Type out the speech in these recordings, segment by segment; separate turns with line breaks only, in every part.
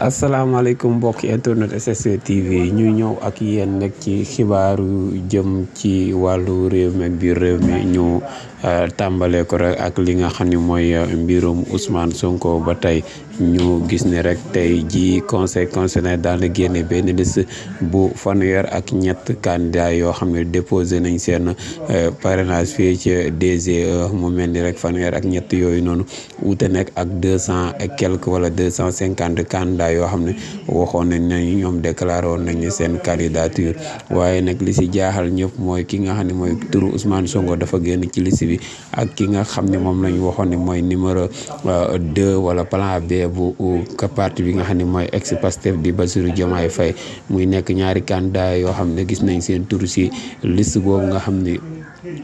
asalaamaaleykum mbokki internet SST TV ñu ñëw ak yéen nag ci xibaaru jëm ci wàllu réew mi biir réew mi ñu euh, tàmbalee ko rek ak li nga xam ni mooy euh, mbirum Ousmane Sonko ba tey ñu gis ni rek tey ji conseil constitutionnel daal génne benn liste bu fanweer ak ñett candidat yoo xam ne déposé nañ seen euh, parrainage fii ci DGE mu mel ni rek fanweer ak ñett yooyu noonu wuute nekk ak deux cent et wala deux cent cinquante candidat candidat yoo xam ne waxoon nañ ne ñoom déclaré woon nañ seen candidature waaye nag li si jaaxal ñëpp mooy ki nga xam ne mooy turu Ousmane Sonko dafa génn ci liste bi ak ki nga xam ne moom lañu waxoon ni mooy numéro 2 euh, wala plan B bu ka parti bi nga xam ne mooy ex Pastef di Bassirou Diomaye fay muy nekk ñaari candidat yoo xam ne gis nañ seen tur si liste boobu nga xam ne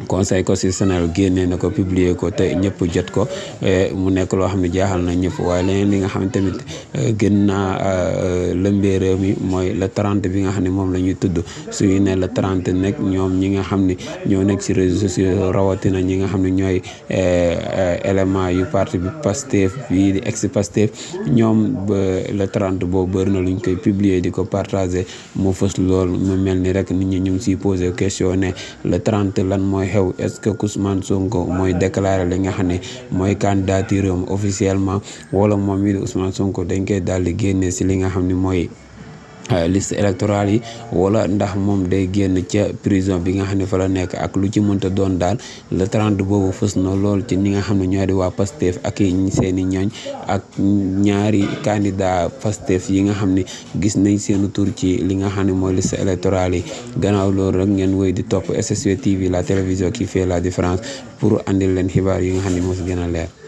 conseil constitutionnel génnee na ko publier ko te ñëpp jot ko e, mu nekk loo xam ne jaaxal na ñëpp waaye leneen li nga xam ne tamit e, gën naa e, lëmbee réew mi mooy le 30 bi nga xam ne moom la ñuy tudd suñu ne le 30 nekk ñoom ñi nga xam ne ñoo nekk si réseaux sociaux rawatina ñi nga xam ne ñooy élément yu parti bi Pastef bii di ex Pastef ñoom le 30 boobu bëri na luñ koy publier di ko partager mu fës lool mu mel ni rek nit ñi ñu ngi siy posé question ne lan mooy xew est-ce que Ousmane Sonko mooy déclaré li nga xam ne mooy candidature am officiellement wala moom mii di Sonko dañ koy daal di génne si li nga xam ni mooy. Euh, liste électorale yi wala ndax moom day génn ca prison bi nga xam ne fa la nekk ak lu ci mënta doon daal le trente boobu fës na lool ci ñi nga xam ne ñoo di waa Pastef ak seeni ñooñ ak ñaari candidat Pastef yi nga xam ne gis nañ seen tur ci li nga xam ne mooy liste électorale yi gannaaw loolu rek ngeen wéy di topp SSP TV la télévision qui fait la différence pour andil leen xibaar yi nga xam ne moo si gën a leer